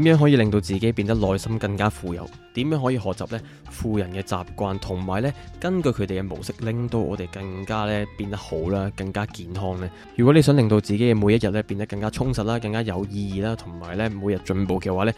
點樣可以令到自己變得內心更加富有？點樣可以學習呢富人嘅習慣，同埋呢根據佢哋嘅模式，令到我哋更加呢變得好啦，更加健康呢？如果你想令到自己嘅每一日呢變得更加充實啦，更加有意義啦，同埋呢每日進步嘅話呢，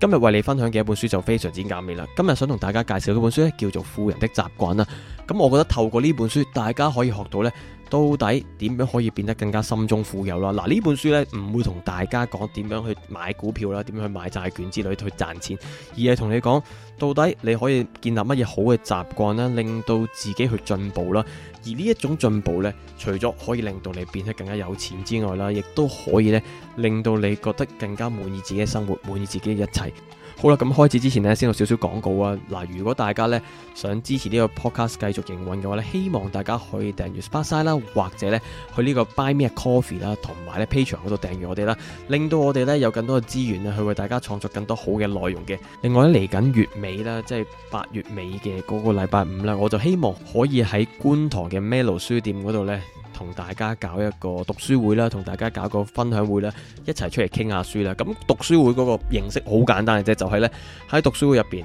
今日為你分享嘅一本書就非常之啱你啦。今日想同大家介紹嘅一本書呢叫做《富人的習慣》啦。咁我覺得透過呢本書，大家可以學到呢。到底點樣可以變得更加心中富有啦？嗱，呢本書呢唔會同大家講點樣去買股票啦、點樣去買債券之類去賺錢，而係同你講到底你可以建立乜嘢好嘅習慣啦，令到自己去進步啦。而呢一種進步呢，除咗可以令到你變得更加有錢之外啦，亦都可以呢，令到你覺得更加滿意自己嘅生活、滿意自己嘅一切。好啦，咁開始之前呢，先有少少廣告啊！嗱，如果大家呢想支持呢個 podcast 繼續營運嘅話呢，希望大家可以訂閱 Spotify 啦，或者呢去呢個 Buy Me a Coffee 啦，同埋呢 Patreon 嗰度訂閱我哋啦，令到我哋呢有更多嘅資源啊，去為大家創作更多好嘅內容嘅。另外呢，嚟緊月尾啦，即係八月尾嘅嗰個禮拜五啦，我就希望可以喺觀塘嘅 Melo 書店嗰度呢。同大家搞一個讀書會啦，同大家搞一個分享會啦，一齊出嚟傾下書啦。咁讀書會嗰個形式好簡單嘅啫，就係呢，喺讀書會入邊。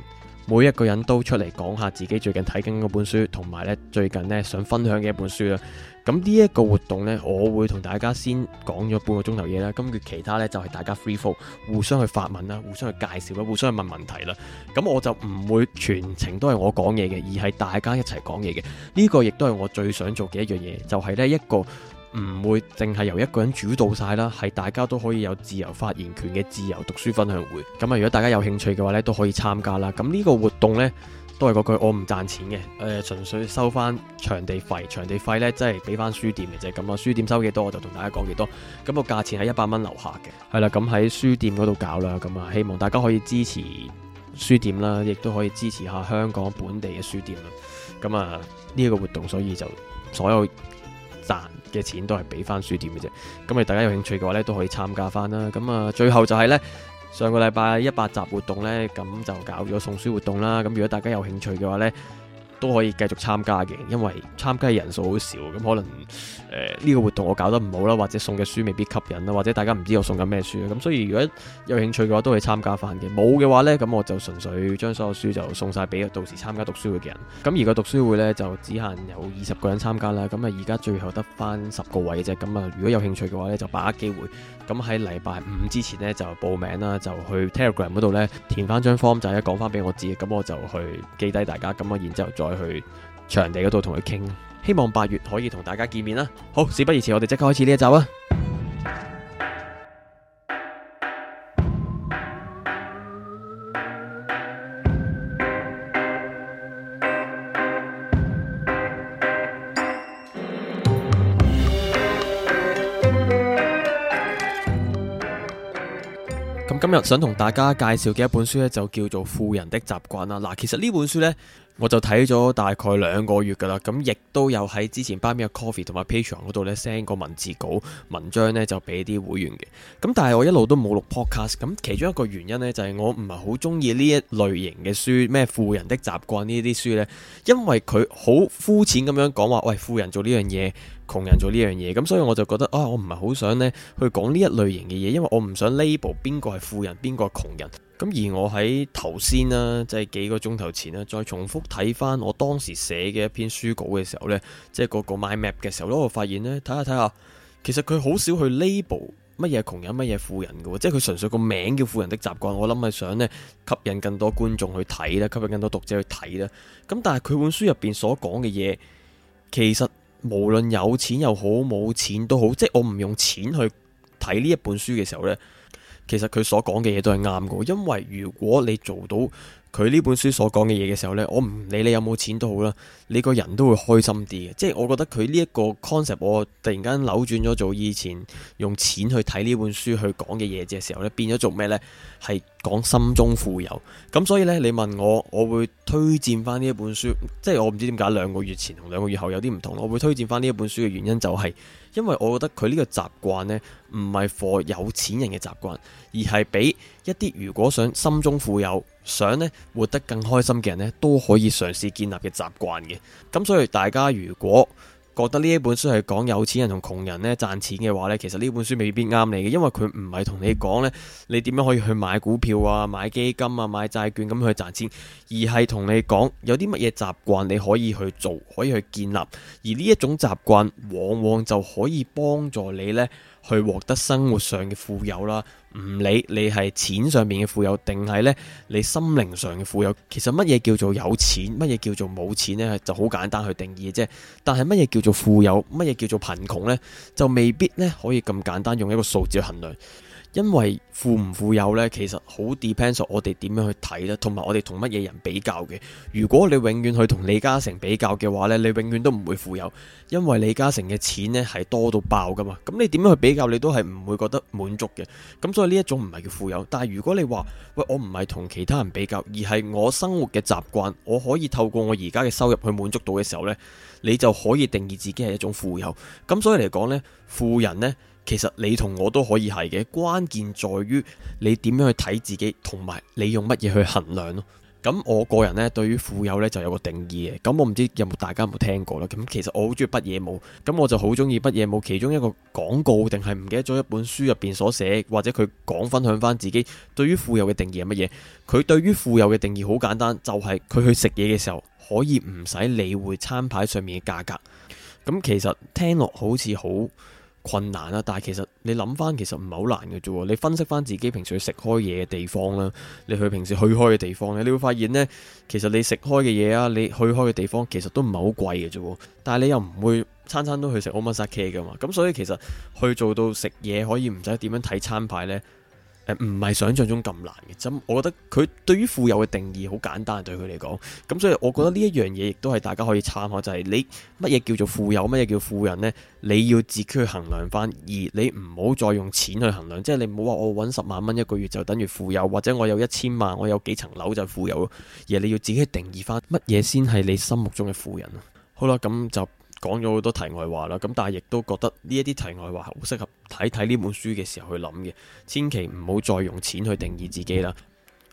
每一個人都出嚟講下自己最近睇緊嗰本書，同埋咧最近咧想分享嘅一本書啦。咁呢一個活動呢，我會同大家先講咗半個鐘頭嘢啦。咁佢其他呢，就係大家 free flow，互相去發問啦，互相去介紹啦，互相去問問題啦。咁我就唔會全程都係我講嘢嘅，而係大家一齊講嘢嘅。呢個亦都係我最想做嘅一樣嘢，就係呢一個。唔會淨係由一個人主導晒啦，係大家都可以有自由發言權嘅自由讀書分享會。咁啊，如果大家有興趣嘅話呢，都可以參加啦。咁呢個活動呢，都係嗰句我唔賺錢嘅，誒、呃，純粹收翻場地費。場地費呢，即係俾翻書店嘅啫。咁啊，書店收幾多，我就同大家講幾多。咁個價錢係一百蚊樓下嘅。係啦，咁喺書店嗰度搞啦。咁啊，希望大家可以支持書店啦，亦都可以支持下香港本地嘅書店啦。咁啊，呢個活動，所以就所有。賺嘅錢都係俾翻書店嘅啫，咁啊，大家有興趣嘅話咧，都可以參加翻啦。咁啊，最後就係咧，上個禮拜一百集活動咧，咁就搞咗送書活動啦。咁如果大家有興趣嘅話咧，都可以繼續參加嘅，因為參加嘅人數好少，咁可能誒呢、呃呢個活動我搞得唔好啦，或者送嘅書未必吸引啦，或者大家唔知我送緊咩書，咁所以如果有興趣嘅話，都可以參加翻嘅。冇嘅話呢，咁我就純粹將所有書就送晒俾到時參加讀書會嘅人。咁而那個讀書會呢，就只限有二十個人參加啦。咁啊，而家最後得翻十個位啫。咁啊，如果有興趣嘅話呢，就把握機會。咁喺禮拜五之前呢，就報名啦，就去 Telegram 嗰度呢，填翻張 form 就一講翻俾我知，咁我就去記低大家，咁我然之後再去場地嗰度同佢傾，希望八月可以同大家見面啦。好，事不宜遲，我哋即刻開始呢一集啊！想同大家介紹嘅一本書咧，就叫做《富人的習慣》啦。嗱，其實呢本書呢。我就睇咗大概兩個月㗎啦，咁亦都有喺之前巴免嘅 Coffee 同埋 Patreon 嗰度咧 send 個文字稿文章咧就俾啲會員嘅。咁但係我一路都冇錄 podcast。咁其中一個原因咧就係、是、我唔係好中意呢一類型嘅書，咩富人的習慣呢啲書咧，因為佢好膚淺咁樣講話，喂富人做呢樣嘢，窮人做呢樣嘢，咁所以我就覺得啊、哦，我唔係好想咧去講呢一類型嘅嘢，因為我唔想 label 邊個係富人，邊個係窮人。咁而我喺頭先啦，即係幾個鐘頭前啦，再重複睇翻我當時寫嘅一篇書稿嘅時候呢，即係嗰個 mind map 嘅時候呢，我發現呢，睇下睇下，其實佢好少去 label 乜嘢窮人乜嘢富人嘅喎，即係佢純粹個名叫《富人的習慣》，我諗係想呢，吸引更多觀眾去睇啦，吸引更多讀者去睇啦。咁但係佢本書入邊所講嘅嘢，其實無論有錢又好，冇錢都好，即係我唔用錢去睇呢一本書嘅時候呢。其實佢所講嘅嘢都係啱嘅，因為如果你做到佢呢本書所講嘅嘢嘅時候呢，我唔理你有冇錢都好啦，你個人都會開心啲嘅。即係我覺得佢呢一個 concept，我突然間扭轉咗做以前用錢去睇呢本書去講嘅嘢嘅時候呢，變咗做咩呢？係講心中富有。咁所以呢，你問我，我會推薦翻呢一本書。即係我唔知點解兩個月前同兩個月後有啲唔同。我會推薦翻呢一本書嘅原因就係。因為我覺得佢呢個習慣呢，唔係 for 有錢人嘅習慣，而係俾一啲如果想心中富有、想呢活得更開心嘅人呢，都可以嘗試建立嘅習慣嘅。咁所以大家如果，覺得呢一本書係講有錢人同窮人咧賺錢嘅話咧，其實呢本書未必啱你嘅，因為佢唔係同你講咧你點樣可以去買股票啊、買基金啊、買債券咁去賺錢，而係同你講有啲乜嘢習慣你可以去做，可以去建立，而呢一種習慣往往就可以幫助你咧。去獲得生活上嘅富有啦，唔理你係錢上面嘅富有，定係呢，你心靈上嘅富有。其實乜嘢叫做有錢，乜嘢叫做冇錢呢，就好簡單去定義嘅啫。但係乜嘢叫做富有，乜嘢叫做貧窮呢，就未必呢可以咁簡單用一個數字去衡量。因為富唔富有呢，其實好 depends 我哋點樣去睇呢？同埋我哋同乜嘢人比較嘅。如果你永遠去同李嘉誠比較嘅話呢，你永遠都唔會富有，因為李嘉誠嘅錢呢係多到爆㗎嘛。咁你點樣去比較，你都係唔會覺得滿足嘅。咁所以呢一種唔係叫富有。但係如果你話喂，我唔係同其他人比較，而係我生活嘅習慣，我可以透過我而家嘅收入去滿足到嘅時候呢，你就可以定義自己係一種富有。咁所以嚟講呢，富人呢。其實你同我都可以係嘅，關鍵在於你點樣去睇自己，同埋你用乜嘢去衡量咯。咁我個人呢，對於富有呢就有個定義嘅。咁我唔知有冇大家有冇聽過啦。咁其實我好中意北野武。咁我就好中意北野武其中一個廣告，定係唔記得咗一本書入邊所寫，或者佢講分享翻自己對於富有嘅定義係乜嘢。佢對於富有嘅定義好簡單，就係佢去食嘢嘅時候可以唔使理會餐牌上面嘅價格。咁其實聽落好似好。困難啦，但係其實你諗翻，其實唔係好難嘅啫。你分析翻自己平時去食開嘢嘅地方啦，你去平時去開嘅地方咧，你會發現呢，其實你食開嘅嘢啊，你去開嘅地方其實都唔係好貴嘅啫。但係你又唔會餐餐都去食 Omakase 嘅嘛。咁所以其實去做到食嘢可以唔使點樣睇餐牌呢。唔係想象中咁難嘅，咁我覺得佢對於富有嘅定義好簡單，對佢嚟講，咁所以我覺得呢一樣嘢亦都係大家可以參考，就係你乜嘢叫做富有，乜嘢叫富人呢？你要自己去衡量翻，而你唔好再用錢去衡量，即係你唔好話我揾十萬蚊一個月就等於富有，或者我有一千萬，我有幾層樓就富有，而你要自己去定義翻乜嘢先係你心目中嘅富人咯。好啦，咁就。講咗好多題外話啦，咁但係亦都覺得呢一啲題外話好適合睇睇呢本書嘅時候去諗嘅，千祈唔好再用錢去定義自己啦。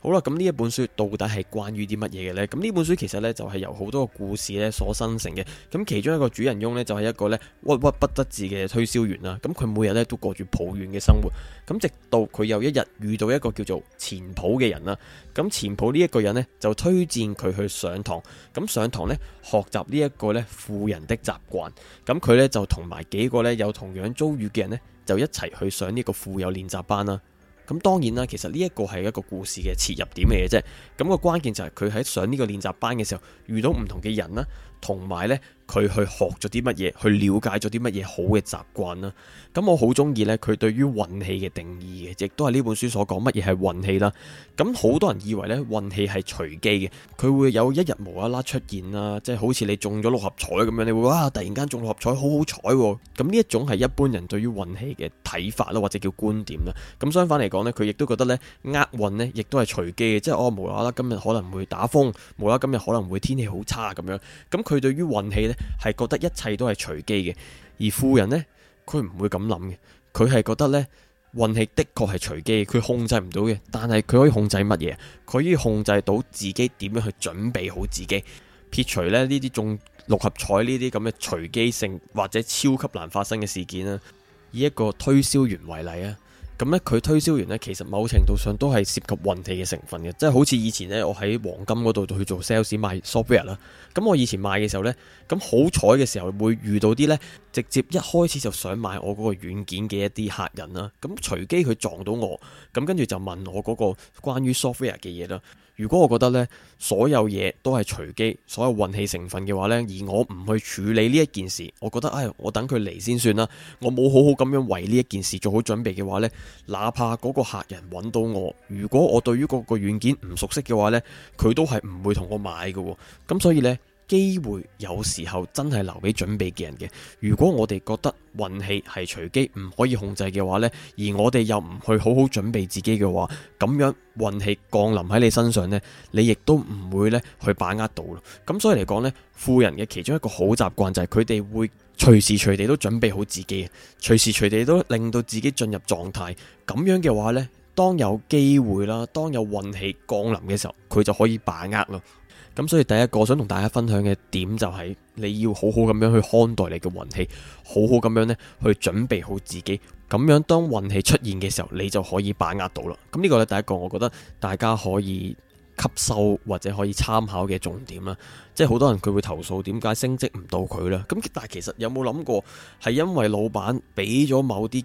好啦，咁呢一本書到底係關於啲乜嘢嘅呢？咁呢本書其實呢，就係由好多個故事呢所生成嘅。咁其中一個主人翁呢，就係一個呢鬱鬱不得志嘅推銷員啦。咁佢每日呢都過住抱怨嘅生活。咁直到佢有一日遇到一個叫做錢普嘅人啦。咁錢普呢一個人呢，就推薦佢去上堂。咁上堂呢，學習呢一個呢富人的習慣。咁佢呢，就同埋幾個呢有同樣遭遇嘅人呢，就一齊去上呢個富有練習班啦。咁當然啦，其實呢一個係一個故事嘅切入點嘅嘢啫。咁個關鍵就係佢喺上呢個練習班嘅時候，遇到唔同嘅人啦。同埋咧，佢去學咗啲乜嘢，去了解咗啲乜嘢好嘅習慣啦。咁我好中意咧，佢對於運氣嘅定義嘅，亦都係呢本書所講乜嘢係運氣啦。咁好多人以為咧，運氣係隨機嘅，佢會有一日無啦啦出現啦，即係好似你中咗六合彩咁樣，你會哇突然間中六合彩，好好彩喎。咁呢一種係一般人對於運氣嘅睇法啦，或者叫觀點啦。咁相反嚟講呢，佢亦都覺得咧，厄運呢亦都係隨機嘅，即係我、哦、無啦啦今日可能會打風，無啦啦今日可能會天氣好差咁樣。咁佢對於運氣呢係覺得一切都係隨機嘅，而富人呢，佢唔會咁諗嘅，佢係覺得呢運氣的確係隨機，佢控制唔到嘅，但係佢可以控制乜嘢？佢可以控制到自己點樣去準備好自己，撇除呢呢啲中六合彩呢啲咁嘅隨機性或者超級難發生嘅事件啦。以一個推銷員為例啊。咁咧，佢推銷完咧，其實某程度上都係涉及運氣嘅成分嘅，即係好似以前咧，我喺黃金嗰度去做 sales 賣 software 啦。咁我以前賣嘅時候咧，咁好彩嘅時候會遇到啲咧，直接一開始就想買我嗰個軟件嘅一啲客人啦。咁隨機佢撞到我，咁跟住就問我嗰個關於 software 嘅嘢啦。如果我覺得呢所有嘢都係隨機，所有運氣成分嘅話呢，而我唔去處理呢一件事，我覺得，唉、哎，我等佢嚟先算啦。我冇好好咁樣為呢一件事做好準備嘅話呢，哪怕嗰個客人揾到我，如果我對於嗰個軟件唔熟悉嘅話呢，佢都係唔會同我買嘅。咁所以呢。機會有時候真係留俾準備嘅人嘅。如果我哋覺得運氣係隨機唔可以控制嘅話呢，而我哋又唔去好好準備自己嘅話，咁樣運氣降臨喺你身上呢，你亦都唔會呢去把握到咯。咁所以嚟講呢，富人嘅其中一個好習慣就係佢哋會隨時隨地都準備好自己，隨時隨地都令到自己進入狀態。咁樣嘅話呢，當有機會啦，當有運氣降臨嘅時候，佢就可以把握咯。咁所以第一個想同大家分享嘅點就係你要好好咁樣去看待你嘅運氣，好好咁樣呢去準備好自己，咁樣當運氣出現嘅時候，你就可以把握到啦。咁呢個呢，第一個，我覺得大家可以吸收或者可以參考嘅重點啦。即係好多人佢會投訴點解升職唔到佢啦，咁但係其實有冇諗過係因為老闆俾咗某啲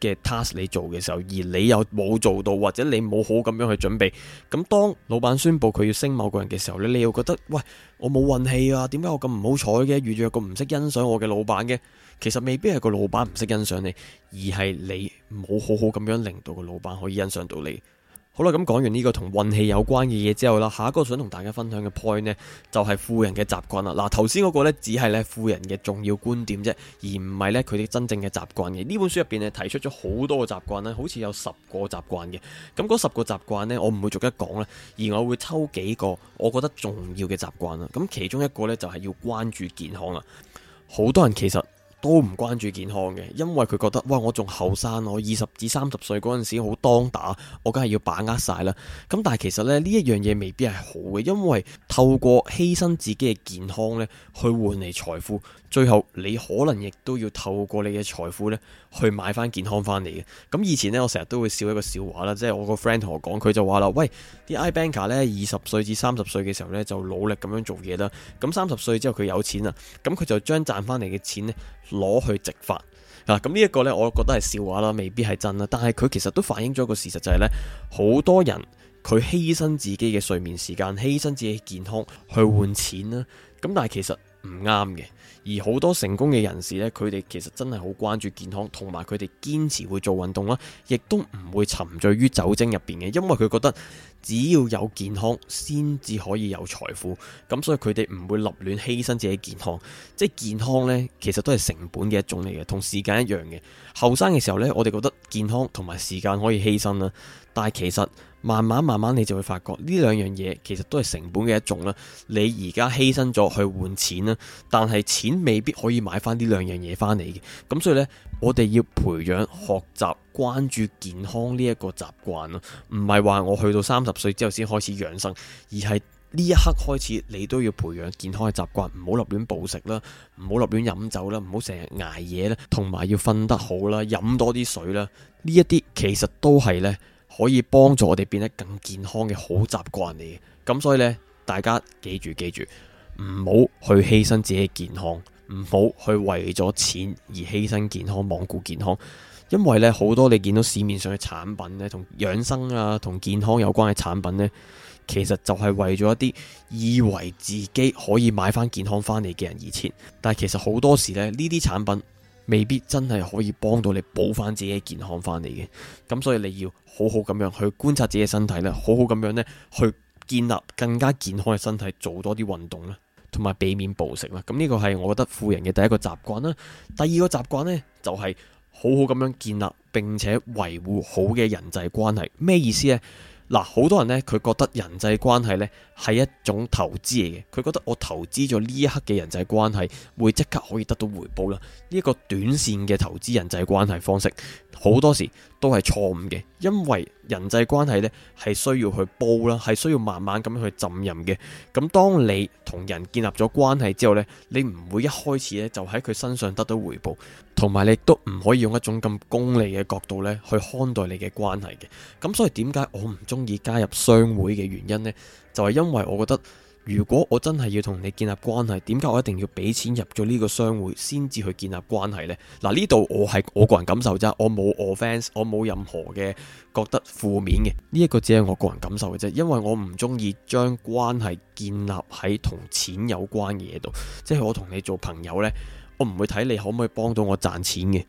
嘅 task 你做嘅時候，而你又冇做到，或者你冇好咁樣去準備，咁當老闆宣布佢要升某個人嘅時候咧，你會覺得喂，我冇運氣啊？點解我咁唔好彩嘅？遇著個唔識欣賞我嘅老闆嘅？其實未必係個老闆唔識欣賞你，而係你冇好好咁樣令到個老闆可以欣賞到你。好啦，咁講完呢個同運氣有關嘅嘢之後啦，下一個想同大家分享嘅 point 呢，就係富人嘅習慣啦。嗱，頭先嗰個呢，只係咧富人嘅重要觀點啫，而唔係咧佢哋真正嘅習慣嘅。呢本書入邊咧提出咗好多嘅習慣啦，好似有十個習慣嘅。咁嗰十個習慣呢，我唔會逐一講啦，而我會抽幾個我覺得重要嘅習慣啦。咁其中一個呢，就係要關注健康啦。好多人其實。都唔關注健康嘅，因為佢覺得哇，我仲後生，我二十至三十歲嗰陣時好當打，我梗係要把握晒啦。咁但係其實咧呢一樣嘢未必係好嘅，因為透過犧牲自己嘅健康咧，去換嚟財富，最後你可能亦都要透過你嘅財富咧，去買翻健康翻嚟嘅。咁以前咧，我成日都會笑一個笑話啦，即係我個 friend 同我講，佢就話啦，喂，啲 iBanker 咧二十歲至三十歲嘅時候咧就努力咁樣做嘢啦，咁三十歲之後佢有錢啦，咁佢就將賺翻嚟嘅錢咧，攞去直發啊！咁呢一個呢，我覺得係笑話啦，未必係真啦。但係佢其實都反映咗一個事實、就是，就係呢：好多人佢犧牲自己嘅睡眠時間，犧牲自己健康去換錢啦、啊。咁但係其實唔啱嘅。而好多成功嘅人士呢，佢哋其實真係好關注健康，同埋佢哋堅持會做運動啦、啊，亦都唔會沉醉於酒精入邊嘅，因為佢覺得。只要有健康，先至可以有財富。咁所以佢哋唔會立亂犧牲自己健康。即係健康呢，其實都係成本嘅一種嚟嘅，同時間一樣嘅。後生嘅時候呢，我哋覺得健康同埋時間可以犧牲啦。但係其實慢慢慢慢，你就會發覺呢兩樣嘢其實都係成本嘅一種啦。你而家犧牲咗去換錢啦，但係錢未必可以買翻呢兩樣嘢翻嚟嘅。咁所以呢。我哋要培養學習關注健康呢一個習慣啦，唔係話我去到三十歲之後先開始養生，而係呢一刻開始，你都要培養健康嘅習慣，唔好立亂暴食啦，唔好立亂飲酒啦，唔好成日挨夜啦，同埋要瞓得好啦，飲多啲水啦，呢一啲其實都係呢，可以幫助我哋變得更健康嘅好習慣嚟嘅。咁所以呢，大家記住記住，唔好去犧牲自己嘅健康。唔好去為咗錢而犧牲健康，罔顧健康。因為咧，好多你見到市面上嘅產品咧，同養生啊、同健康有關嘅產品呢，其實就係為咗一啲以為自己可以買翻健康翻嚟嘅人而設。但係其實好多時咧，呢啲產品未必真係可以幫到你補翻自己嘅健康翻嚟嘅。咁所以你要好好咁樣去觀察自己嘅身體啦，好好咁樣呢去建立更加健康嘅身體，做多啲運動啦。同埋避免暴食啦，咁呢個係我覺得富人嘅第一個習慣啦。第二個習慣呢，就係好好咁樣建立並且維護好嘅人際關係。咩意思呢？嗱，好多人呢，佢覺得人際關係呢係一種投資嚟嘅，佢覺得我投資咗呢一刻嘅人際關係會即刻可以得到回報啦。呢一個短線嘅投資人際關係方式，好多時都係錯誤嘅，因為。人際關係呢係需要去煲啦，係需要慢慢咁去浸淫嘅。咁當你同人建立咗關係之後呢，你唔會一開始呢就喺佢身上得到回報，同埋你都唔可以用一種咁功利嘅角度呢去看待你嘅關係嘅。咁所以點解我唔中意加入商會嘅原因呢，就係因為我覺得。如果我真係要同你建立關係，點解我一定要俾錢入咗呢個商會先至去建立關係呢？嗱、啊，呢度我係我個人感受啫，我冇 offense，我冇任何嘅覺得負面嘅，呢、這、一個只係我個人感受嘅啫，因為我唔中意將關係建立喺同錢有關嘅嘢度，即、就、係、是、我同你做朋友呢，我唔會睇你可唔可以幫到我賺錢嘅。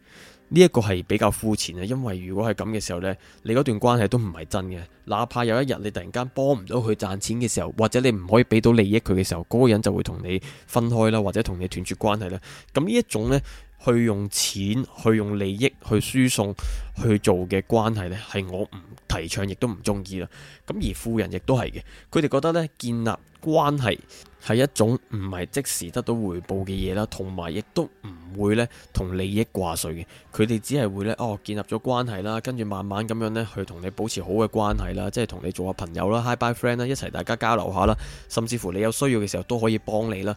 呢一個係比較膚淺啊，因為如果係咁嘅時候呢，你嗰段關係都唔係真嘅，哪怕有一日你突然間幫唔到佢賺錢嘅時候，或者你唔可以俾到利益佢嘅時候，嗰個人就會同你分開啦，或者同你斷絕關係啦。咁呢一種呢，去用錢去用利益去輸送去做嘅關係呢，係我唔提倡亦都唔中意啦。咁而富人亦都係嘅，佢哋覺得呢，建立關係。係一種唔係即時得到回報嘅嘢啦，同埋亦都唔會呢同利益掛帥嘅。佢哋只係會呢哦建立咗關係啦，跟住慢慢咁樣呢去同你保持好嘅關係啦，即係同你做下朋友啦，Hi bye friend 啦，一齊大家交流下啦，甚至乎你有需要嘅時候都可以幫你啦。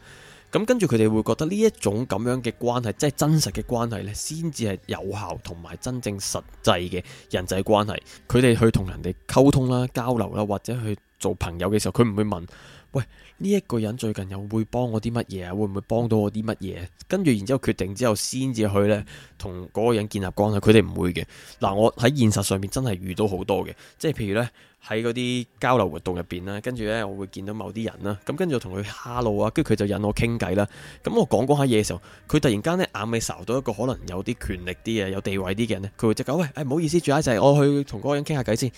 咁跟住佢哋會覺得呢一種咁樣嘅關係，即係真實嘅關係呢，先至係有效同埋真正實際嘅人際關係。佢哋去同人哋溝通啦、交流啦，或者去做朋友嘅時候，佢唔會問。喂，呢、這、一個人最近又會幫我啲乜嘢啊？會唔會幫到我啲乜嘢？跟住然之後決定之後先至去呢同嗰個人建立關係。佢哋唔會嘅。嗱，我喺現實上面真係遇到好多嘅，即係譬如呢喺嗰啲交流活動入邊啦，跟住呢，我會見到某啲人啦，咁跟住我同佢哈嘍啊，跟住佢就引我傾偈啦。咁、嗯、我講講下嘢嘅時候，佢突然間呢眼尾睄到一個可能有啲權力啲嘅、有地位啲嘅人咧，佢會即刻喂，哎唔好意思，最後一齊我去同嗰個人傾下偈先，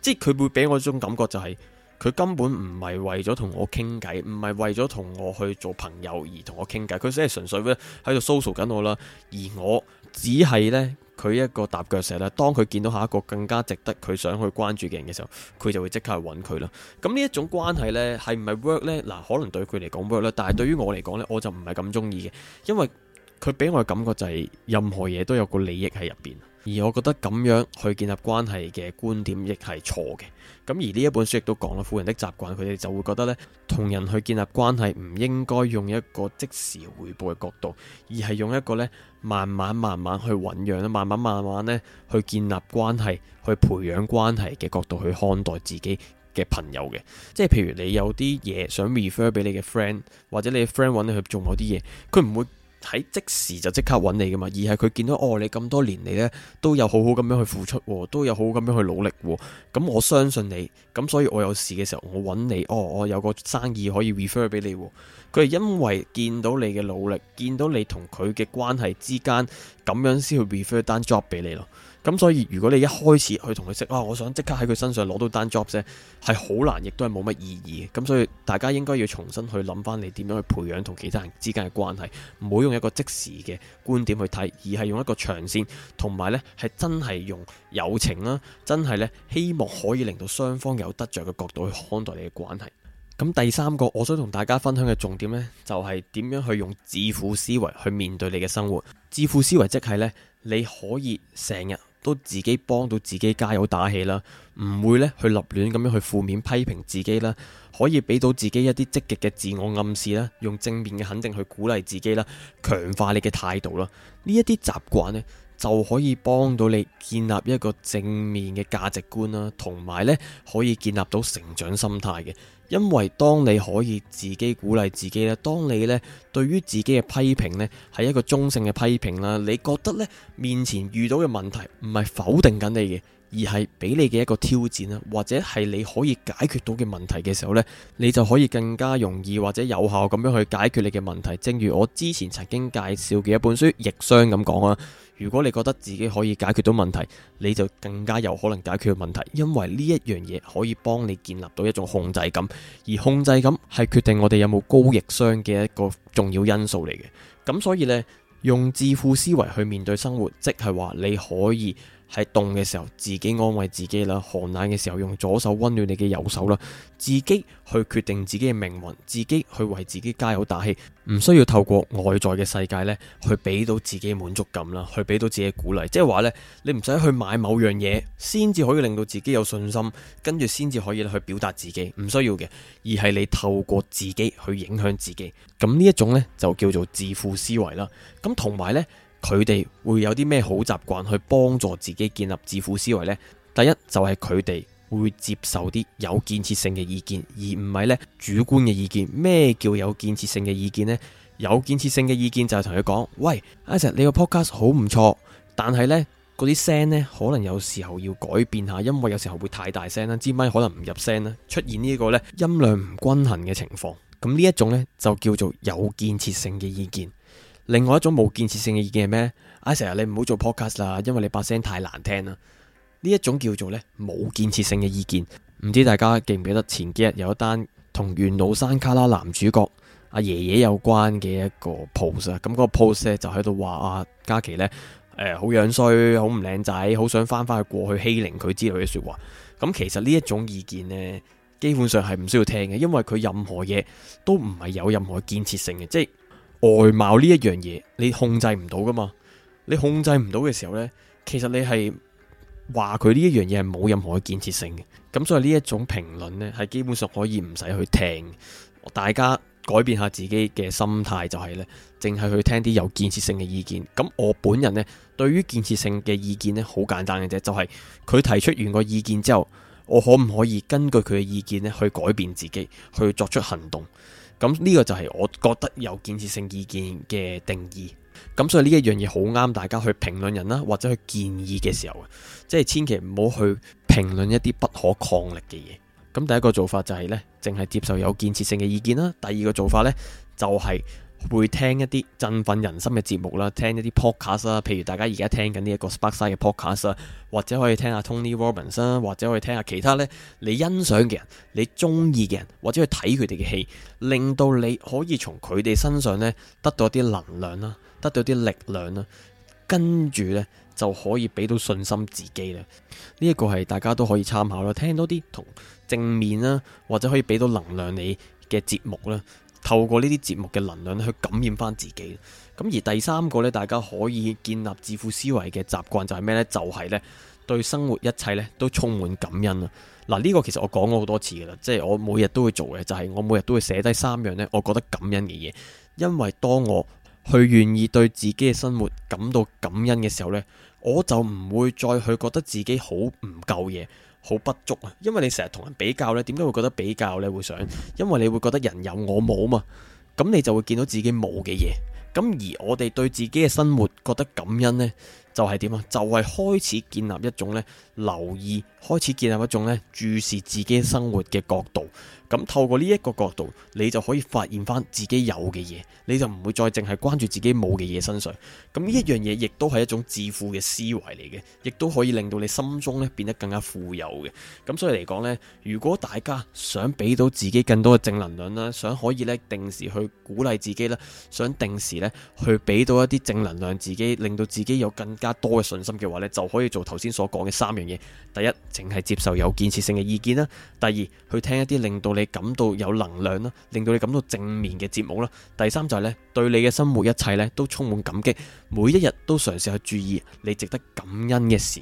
即係佢會俾我一種感覺就係、是。佢根本唔係為咗同我傾偈，唔係為咗同我去做朋友而同我傾偈，佢只係純粹喺度 social 緊我啦。而我只係呢，佢一個踏腳石啦。當佢見到下一個更加值得佢想去關注嘅人嘅時候，佢就會即刻去揾佢啦。咁呢一種關係咧，係唔係 work 呢？嗱，可能對佢嚟講 work 啦，但係對於我嚟講呢，我就唔係咁中意嘅，因為佢俾我嘅感覺就係任何嘢都有個利益喺入邊。而我覺得咁樣去建立關係嘅觀點亦係錯嘅。咁而呢一本書亦都講啦，富人的習慣，佢哋就會覺得呢，同人去建立關係唔應該用一個即時回報嘅角度，而係用一個呢，慢慢慢慢去醖釀，慢慢慢慢呢，去建立關係、去培養關係嘅角度去看待自己嘅朋友嘅。即係譬如你有啲嘢想 refer 俾你嘅 friend，或者你嘅 friend 揾你去做某啲嘢，佢唔會。喺即時就即刻揾你㗎嘛，而係佢見到哦，你咁多年嚟呢，都有好好咁樣去付出，都有好好咁樣去努力，咁我相信你，咁所以我有事嘅時候我揾你，哦，我有個生意可以 refer 俾你，佢係因為見到你嘅努力，見到你同佢嘅關係之間咁樣先去 refer 單 job 俾你咯。咁所以如果你一開始去同佢識，哇、啊！我想即刻喺佢身上攞到單 job 啫，係好難，亦都係冇乜意義嘅。咁所以大家應該要重新去諗返你點樣去培養同其他人之間嘅關係，唔好用一個即時嘅觀點去睇，而係用一個長線，同埋呢係真係用友情啦，真係呢希望可以令到雙方有得着嘅角度去看待你嘅關係。咁第三個，我想同大家分享嘅重點呢，就係、是、點樣去用致富思維去面對你嘅生活。致富思維即係呢，你可以成日，都自己幫到自己加油打氣啦，唔會咧去立亂咁樣去負面批評自己啦，可以俾到自己一啲積極嘅自我暗示啦，用正面嘅肯定去鼓勵自己啦，強化你嘅態度啦，呢一啲習慣呢，就可以幫到你建立一個正面嘅價值觀啦，同埋呢可以建立到成長心態嘅。因為當你可以自己鼓勵自己啦，當你呢對於自己嘅批評呢係一個中性嘅批評啦，你覺得呢面前遇到嘅問題唔係否定緊你嘅。而係俾你嘅一個挑戰啦，或者係你可以解決到嘅問題嘅時候呢，你就可以更加容易或者有效咁樣去解決你嘅問題。正如我之前曾經介紹嘅一本書《逆商》咁講啊，如果你覺得自己可以解決到問題，你就更加有可能解決問題，因為呢一樣嘢可以幫你建立到一種控制感，而控制感係決定我哋有冇高逆商嘅一個重要因素嚟嘅。咁所以呢，用自負思維去面對生活，即係話你可以。喺凍嘅時候，自己安慰自己啦；寒冷嘅時候，用左手溫暖你嘅右手啦。自己去決定自己嘅命運，自己去為自己加油打氣，唔需要透過外在嘅世界呢去俾到自己滿足感啦，去俾到自己鼓勵。即係話呢，你唔使去買某樣嘢，先至可以令到自己有信心，跟住先至可以去表達自己。唔需要嘅，而係你透過自己去影響自己。咁呢一種呢，就叫做自負思維啦。咁同埋呢。佢哋會有啲咩好習慣去幫助自己建立致富思維呢？第一就係佢哋會接受啲有建設性嘅意見，而唔係呢主觀嘅意見。咩叫有建設性嘅意見呢？有建設性嘅意見就係同佢講，喂，阿陳，你個 podcast 好唔錯，但係呢嗰啲聲呢，聲可能有時候要改變下，因為有時候會太大聲啦，支麥可能唔入聲啦，出現呢一個呢音量唔均衡嘅情況。咁呢一種呢，就叫做有建設性嘅意見。另外一種冇建設性嘅意見係咩？阿成日你唔好做 podcast 啦，因為你把聲太難聽啦。呢一種叫做咧冇建設性嘅意見，唔知大家記唔記得前幾日有一單同緣路山旮旯男主角阿爺爺有關嘅一個 post 啊，咁嗰個,、啊那個 post 就喺度話阿珈其呢，好樣衰，好唔靚仔，好想翻返去過去欺凌佢之類嘅説話。咁、啊、其實呢一種意見呢，基本上係唔需要聽嘅，因為佢任何嘢都唔係有任何建設性嘅，即係。外貌呢一樣嘢，你控制唔到噶嘛？你控制唔到嘅時候呢，其實你係話佢呢一樣嘢係冇任何嘅建設性嘅。咁所以呢一種評論呢，係基本上可以唔使去聽。大家改變下自己嘅心態就係呢，淨係去聽啲有建設性嘅意見。咁我本人呢，對於建設性嘅意見呢，好簡單嘅啫，就係佢提出完個意見之後，我可唔可以根據佢嘅意見呢，去改變自己，去作出行動？咁呢個就係我覺得有建設性意見嘅定義，咁所以呢一樣嘢好啱大家去評論人啦，或者去建議嘅時候嘅，即係千祈唔好去評論一啲不可抗力嘅嘢。咁第一個做法就係呢，淨係接受有建設性嘅意見啦。第二個做法呢，就係，會聽一啲振奮人心嘅節目啦，聽一啲 podcast 啊，譬如大家而家聽緊呢一個 Sparkside 嘅 podcast 或者可以聽下 Tony Robbins 啊，或者可以聽下其他呢你欣賞嘅人，你中意嘅人，或者去睇佢哋嘅戲，令到你可以從佢哋身上呢得到啲能量啦，得到啲力量啦，跟住呢就可以俾到信心自己啦。呢、這、一個係大家都可以參考啦，聽多啲同正面啦，或者可以俾到能量你嘅節目啦。.透過呢啲節目嘅能量去感染翻自己，咁而第三個呢，大家可以建立致富思維嘅習慣，就係咩呢？就係呢，對生活一切咧都充滿感恩啦。嗱，呢個其實我講過好多次噶啦，即係我每日都會做嘅，就係我每日都會寫低三樣呢我覺得感恩嘅嘢，因為當我去願意對自己嘅生活感到感恩嘅時候呢，我就唔會再去覺得自己好唔夠嘢。好不足啊，因為你成日同人比較呢，點解會覺得比較呢？會想？因為你會覺得人有我冇嘛，咁你就會見到自己冇嘅嘢。咁而我哋對自己嘅生活覺得感恩呢，就係點啊？就係開始建立一種呢留意，開始建立一種呢注視自己生活嘅角度。咁透過呢一個角度，你就可以發現翻自己有嘅嘢，你就唔會再淨係關注自己冇嘅嘢身上。咁呢一樣嘢亦都係一種致富嘅思維嚟嘅，亦都可以令到你心中咧變得更加富有嘅。咁所以嚟講呢，如果大家想俾到自己更多嘅正能量啦，想可以呢定時去鼓勵自己啦，想定時呢去俾到一啲正能量自己，令到自己有更加多嘅信心嘅話呢，就可以做頭先所講嘅三樣嘢。第一，淨係接受有建設性嘅意見啦；第二，去聽一啲令到。你感到有能量啦，令到你感到正面嘅節目啦。第三就係咧，對你嘅生活一切咧都充滿感激，每一日都嘗試去注意你值得感恩嘅事。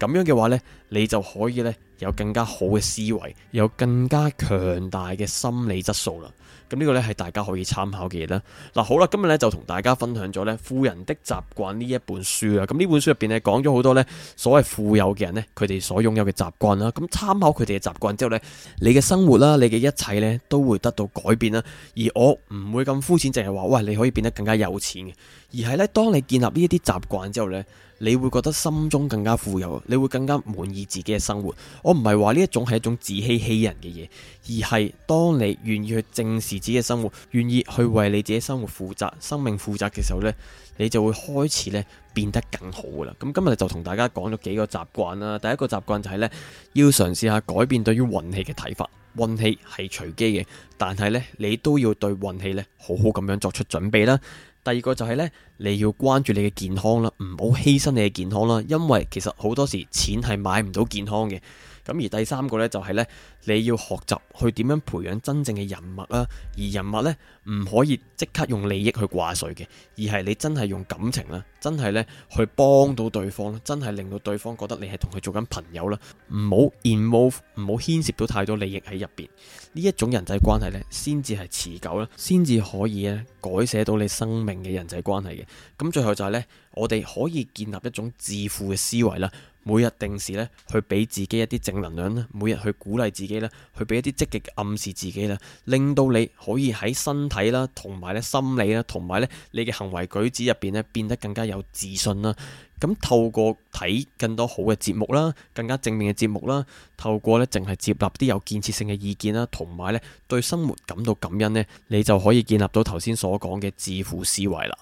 咁樣嘅話咧，你就可以咧有更加好嘅思維，有更加強大嘅心理質素啦。咁呢個呢，係大家可以參考嘅嘢啦。嗱，好啦，今日呢，就同大家分享咗呢「富人的習慣」呢一本書啊。咁呢本書入邊呢，講咗好多呢所謂富有嘅人呢，佢哋所擁有嘅習慣啦。咁參考佢哋嘅習慣之後呢，你嘅生活啦，你嘅一切呢，都會得到改變啦。而我唔會咁膚淺，淨係話喂你可以變得更加有錢嘅，而係呢，當你建立呢一啲習慣之後呢。你會覺得心中更加富有，你會更加滿意自己嘅生活。我唔係話呢一種係一種自欺欺人嘅嘢，而係當你願意去正視自己嘅生活，願意去為你自己生活負責、生命負責嘅時候呢，你就會開始呢變得更好噶啦。咁今日就同大家講咗幾個習慣啦。第一個習慣就係呢，要嘗試下改變對於運氣嘅睇法。運氣係隨機嘅，但係呢，你都要對運氣呢好好咁樣作出準備啦。第二個就係呢：你要關注你嘅健康啦，唔好犧牲你嘅健康啦，因為其實好多時錢係買唔到健康嘅。咁而第三個呢，就係呢：你要學習去點樣培養真正嘅人脈啊！而人脈呢，唔可以即刻用利益去掛水嘅，而係你真係用感情啦，真係呢去幫到對方，真係令到對方覺得你係同佢做緊朋友啦，唔好 involve 唔好牽涉到太多利益喺入邊。呢一種人際關係呢，先至係持久啦，先至可以咧改寫到你生命嘅人際關係嘅。咁最後就係呢：我哋可以建立一種致富嘅思維啦。每日定時咧，去俾自己一啲正能量咧；每日去鼓勵自己咧，去俾一啲積極嘅暗示自己咧，令到你可以喺身體啦，同埋咧心理啦，同埋咧你嘅行為舉止入邊咧變得更加有自信啦。咁透過睇更多好嘅節目啦，更加正面嘅節目啦，透過咧淨係接納啲有建設性嘅意見啦，同埋咧對生活感到感恩咧，你就可以建立到頭先所講嘅自負思維啦。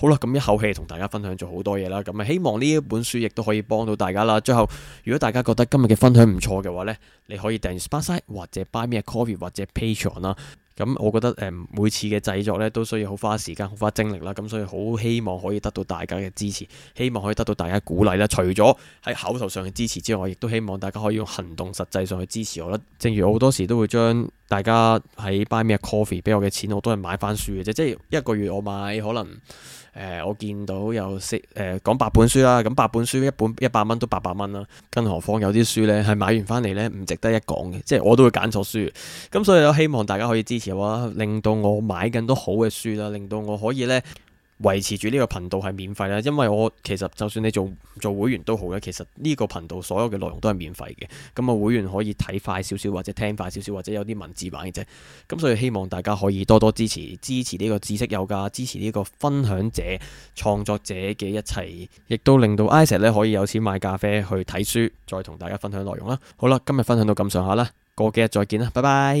好啦，咁一口氣同大家分享咗好多嘢啦，咁啊希望呢一本書亦都可以幫到大家啦。最後，如果大家覺得今日嘅分享唔錯嘅話呢，你可以訂閱 Spotify 或者 Buy Me a Coffee 或者 p a t r o n 啦。咁我覺得誒每次嘅製作咧都需要好花時間、好花精力啦，咁所以好希望可以得到大家嘅支持，希望可以得到大家鼓勵啦。除咗喺口頭上嘅支持之外，亦都希望大家可以用行動實際上去支持我啦。正如我好多時都會將大家喺 Buy Me a Coffee 俾我嘅錢，我都係買翻書嘅啫，即係一個月我買可能。誒、呃，我見到有四誒、呃、講八本書啦，咁八本書一本一百蚊都八百蚊啦，更何況有啲書呢係買完翻嚟呢唔值得一講嘅，即係我都會揀錯書，咁所以我希望大家可以支持我，令到我買更多好嘅書啦，令到我可以呢。維持住呢個頻道係免費啦，因為我其實就算你做做會員都好啦，其實呢個頻道所有嘅內容都係免費嘅，咁啊會員可以睇快少少或者聽快少少或者有啲文字版嘅啫，咁所以希望大家可以多多支持支持呢個知識有價，支持呢個分享者創作者嘅一切，亦都令到 Isaac 咧可以有錢買咖啡去睇書，再同大家分享內容啦。好啦，今日分享到咁上下啦，過幾日再見啦，拜拜。